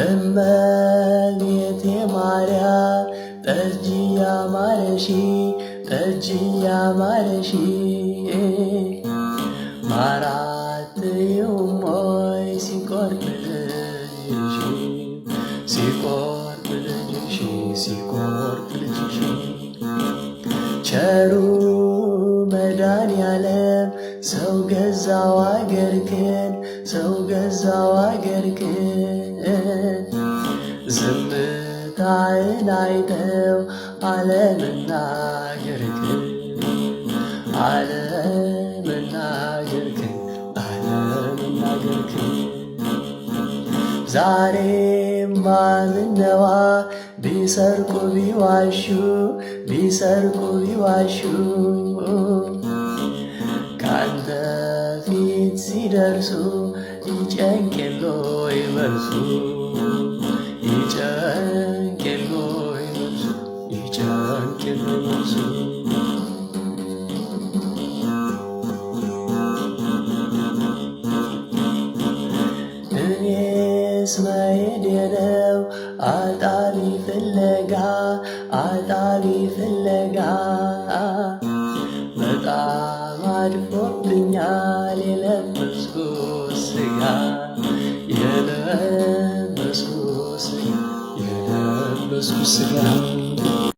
እመቤቴ ማርያም ጠጅ ያማረሽ ጠጅ ያማረሽ ማራትዩም ሆይ ሲቆርብ ልጅሽ ሲቆርብ ልጅሽ ሲቆርብ ልጅሽ ቸሩ መድኃኔዓለም ሰው ገዛው አገርክን ሰው ገዛው አገርክን ዝምታዬ አይተው ዓለምና ዓለምና ዓለምና ዛሬም ቢሰርቁ ቢዋሹ ቢሰርቁ ቢዋሹ ካንተ ፊት ሲደርሱ ሊጨንቄሎ ይመርሱ እኔስ መሄዴ ነው አጣቢ ፍለጋ አጣሪ ፍለጋ በጣም አድፎብኛል የለበስኩት ሥጋ የለበስኩት ሥጋ የለበስኩት ሥጋ